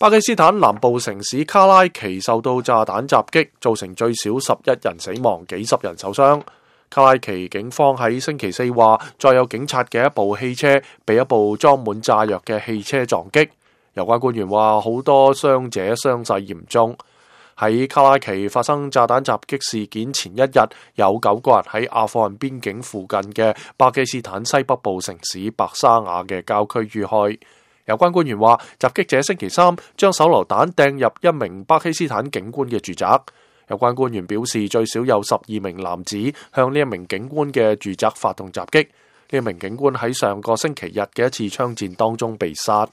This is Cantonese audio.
巴基斯坦南部城市卡拉奇受到炸彈襲擊，造成最少十一人死亡，幾十人受傷。卡拉奇警方喺星期四話，載有警察嘅一部汽車被一部裝滿炸藥嘅汽車撞擊。有關官員話，好多傷者傷勢嚴重。喺卡拉奇發生炸彈襲擊事件前一日，有九個人喺阿富汗邊境附近嘅巴基斯坦西北部城市白沙瓦嘅郊區遇害。有關官員話，襲擊者星期三將手榴彈掟入一名巴基斯坦警官嘅住宅。有關官員表示，最少有十二名男子向呢一名警官嘅住宅發動襲擊。呢一名警官喺上個星期日嘅一次槍戰當中被殺。